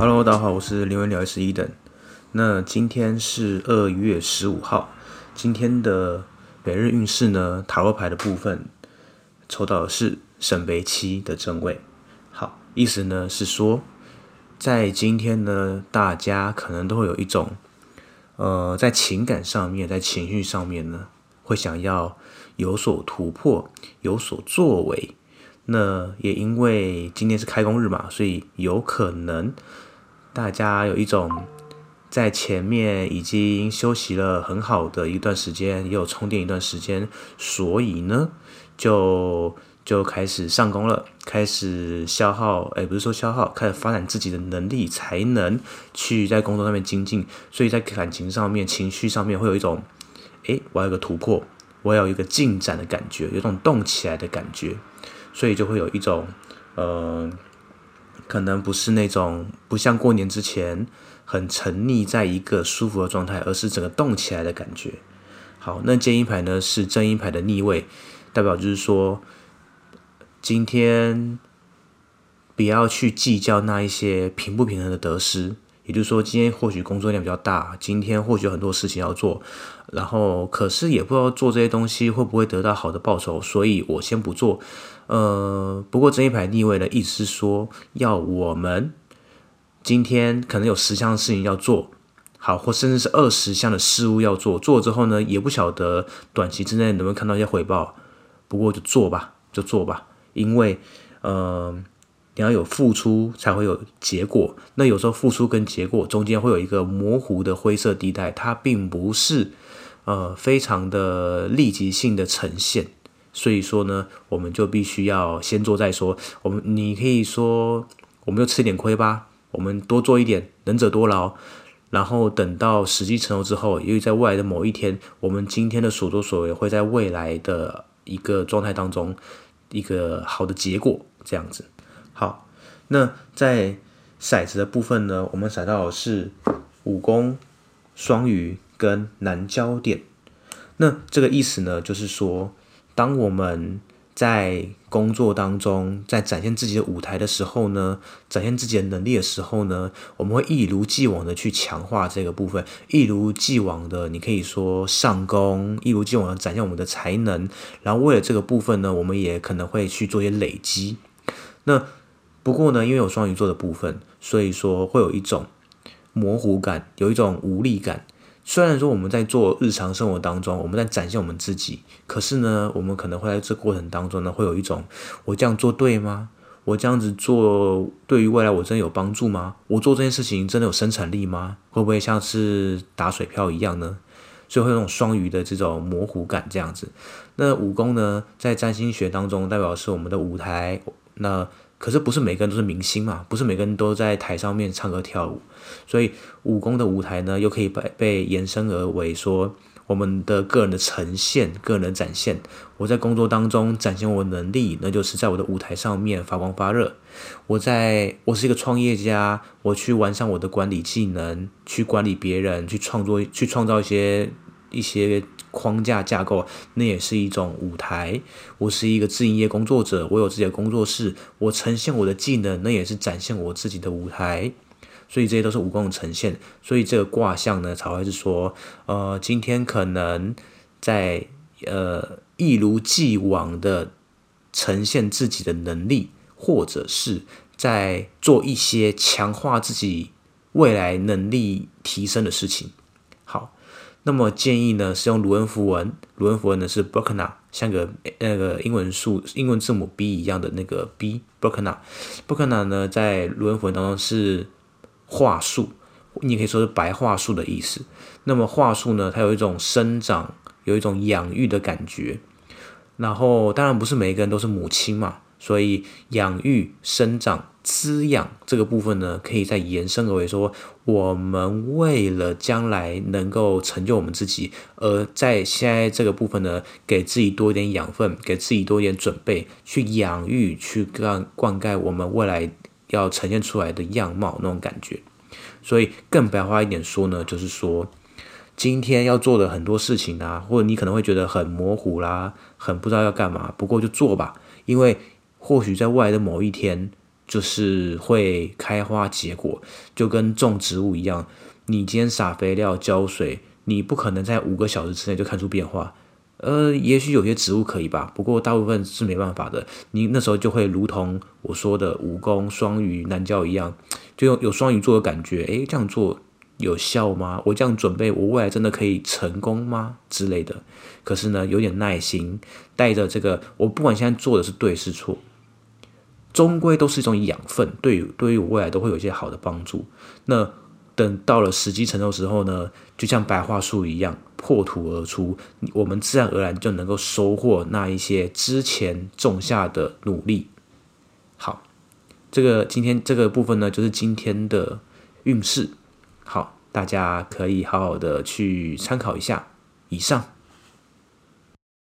Hello，大家好，我是靈魂療癒師 Eden。那今天是二月十五號，今天的每日運勢呢，塔羅牌的部分抽到的是聖杯七的正位。好，意思呢是說，在今天呢，大家可能都會有一種，呃，在情感上面，在情緒上面呢，會想要有所突破，有所作為。那也因為今天是開工日嘛，所以有可能。大家有一種在前面已經休息了很好的一段時間，也有充電一段時間，所以呢，就就開始上工了，開始消耗，哎，不是說消耗，開始發展自己的能力才能去在工作上面精進，所以在感情上面、情緒上面會有一種，哎，我有個突破，我有一個進展的感覺，有種動起來的感覺，所以就會有一種，嗯、呃。可能不是那種不像過年之前很沉溺在一個舒服的狀態，而是整個動起來的感覺。好，那建議牌呢是正義牌的逆位，代表就是說今天不要去計較那一些平不平衡的得失，也就是說今天或許工作量比較大，今天或許有很多事情要做。然後，可是也不知道做這些東西會不會得到好的報酬，所以我先不做。呃，不過這一牌逆位的意思是說，要我們今天可能有十項的事情要做，好，或甚至是二十項的事物要做。做之後呢，也不曉得短期之內能不能看到一些回報。不過就做吧，就做吧，因為，呃，你要有付出才會有結果。那有時候付出跟結果中間會有一個模糊的灰色地帶，它並不是。呃，非常的立即性的呈現，所以說呢，我們就必須要先做再說。我們你可以說，我們就吃點虧吧，我們多做一點，能者多勞。然後等到時機成熟之後，因為在未來的某一天，我們今天的所作所為會在未來的一個狀態當中，一個好的結果這樣子。好，那在骰子的部分呢，我們骰到的是五宮雙魚。跟南交點，那這個意思呢，就是說，當我們在工作當中，在展現自己的舞台的時候呢，展現自己的能力的時候呢，我們會一如既往的去強化這個部分，一如既往的，你可以說上攻，一如既往的展現我們的才能，然後為了這個部分呢，我們也可能會去做一些累積。那不過呢，因為有雙魚座的部分，所以說會有一種模糊感，有一種無力感。雖然說我們在做日常生活當中，我們在展現我們自己，可是呢，我們可能會在這過程當中呢，會有一種我這樣做對嗎？我這樣子做對於未來我真的有幫助嗎？我做這件事情真的有生產力嗎？會不會像是打水漂一樣呢？所以會有種雙魚的這種模糊感這樣子。那五宮呢，在占星學當中代表是我們的舞台。那可是不是每個人都是明星嘛，不是每個人都在台上面唱歌跳舞，所以五宮的舞台呢，又可以被被延伸而為說我們的個人的呈現、個人的展現。我在工作當中展現我能力，那就是在我的舞台上面發光發熱。我在，我是一個創業家，我去完善我的管理技能，去管理別人，去創作，去創造一些。一些框架架構，那也是一種舞台。我是一個自營業工作者，我有自己的工作室，我呈現我的技能，那也是展現我自己的舞台。所以這些都是五宮的呈現。所以這個卦象呢，才會是說，呃，今天可能在呃一如既往的呈現自己的能力，或者是在做一些強化自己未來能力提升的事情。那麼建議呢，使用盧恩符文。盧恩符文呢是 Berkana，像個那、呃、個英文數英文字母 B 一樣的那個 B, B。Berkana，Berkana 呢在盧恩符文當中是樺樹，你可以說是白樺樹的意思。那麼樺樹呢，它有一種生長，有一種養育的感覺。然後當然不是每一個人都是母親嘛，所以養育、生長。滋養這個部分呢，可以再延伸而為說，我們為了將來能夠成就我們自己，而在現在這個部分呢，給自己多一點養分，給自己多一點準備，去養育，去灌灌溉我們未來要呈現出來的樣貌，那種感覺。所以更白話一點說呢，就是說，今天要做的很多事情啊，或者你可能會覺得很模糊啦，很不知道要幹嘛，不過就做吧，因為或許在未來的某一天。就是會開花結果，就跟種植物一樣。你今天撒肥料、澆水，你不可能在五個小時之內就看出變化。呃，也許有些植物可以吧，不過大部分是沒辦法的。你那時候就會如同我說的，五宮、雙魚、南交一樣，就有有雙魚座的感覺。誒，這樣做有效嗎？我這樣準備，我未來真的可以成功嗎？之類的。可是呢，有點耐心，帶着這個，我不管現在做的是對是錯。終歸都是一種養分，對於對於我未來都會有一些好的幫助。那等到了時機成熟的時候呢，就像白樺樹一樣破土而出，我們自然而然就能夠收穫那一些之前種下的努力。好，這個今天這個部分呢，就是今天的運勢。好，大家可以好好的去參考一下。以上。